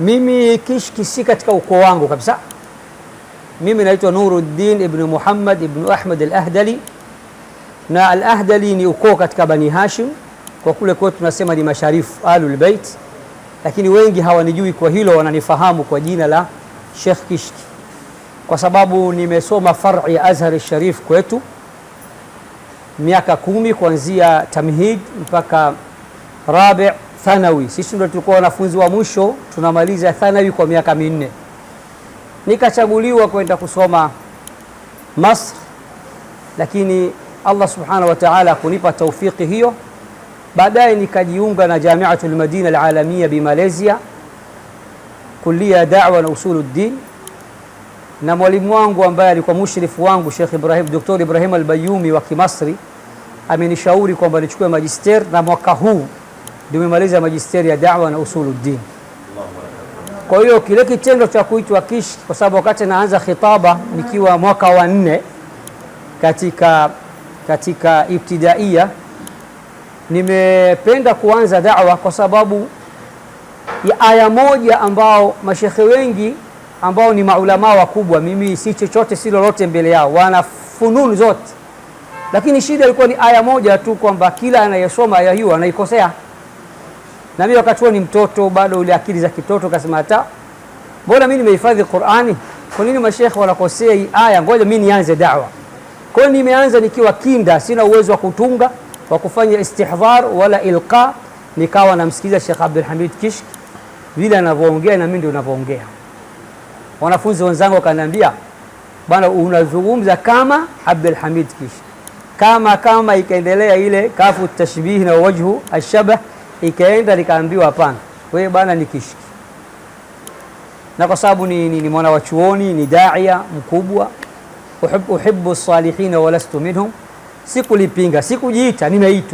Mimi Kishki si katika ukoo wangu kabisa. Mimi naitwa Nuruddin ibn Muhammad ibn Ahmad al-Ahdali, na al-Ahdali ni ukoo katika Bani Hashim, kwa kule kwetu tunasema ni masharifu Ahlul Bait, lakini wengi hawanijui kwa hilo, wananifahamu kwa jina la Sheikh Kishki kwa sababu nimesoma far'i ya Azhar Sharif kwetu miaka kumi kuanzia tamhid mpaka rabi' thanawi. Sisi ndio tulikuwa wanafunzi wa mwisho tunamaliza thanawi kwa miaka minne. Nikachaguliwa kwenda kusoma Masr, lakini Allah subhanahu wa ta'ala kunipa taufiki hiyo. Baadaye nikajiunga na Jamiatul Madina Alalamia bi Malaysia, kulia da'wa na usuluddin, na mwalimu wangu ambaye alikuwa mushrifu wangu Sheikh Ibrahim, Dr. Ibrahim Albayumi wa Kimasri amenishauri kwamba nichukue magister, na mwaka huu nimemaliza majisteri ya dawa na usuluddin. Kwa hiyo kile kitendo cha kuitwa Kish, kwa sababu wakati naanza khitaba nikiwa mwaka wa nne katika, katika ibtidaia, nimependa kuanza dawa kwa sababu ya aya moja ambao mashekhe wengi ambao ni maulama wakubwa, mimi si chochote si lolote mbele yao, wana fununu zote, lakini shida ilikuwa ni aya moja tu, kwamba kila anayesoma aya hiyo anaikosea na mimi wakati huo ni mtoto bado, ile akili za kitoto, kasema hata mbona mimi nimehifadhi Qur'ani, kwa nini mashekhe wanakosea hii aya? Ngoja mimi nianze da'wa. Kwa hiyo nimeanza nikiwa kinda, sina uwezo wa kutunga wa kufanya istihdhar wala ilqa, nikawa namsikiliza Sheikh Abdul Hamid Kishk vile anavyoongea, na mimi ndio ninavyoongea. Wanafunzi wenzangu wakaniambia, bana unazungumza kama Abdul Hamid Kishk. Kama kama ikaendelea ile kafu tashbih na wajhu ashabah ikaenda likaambiwa hapana, wewe bana ni kishki. Na kwa sababu ni, ni, ni mwana wa chuoni, ni daia mkubwa, uhibbu salihina walastu minhum, sikulipinga, sikujiita, nimeitwa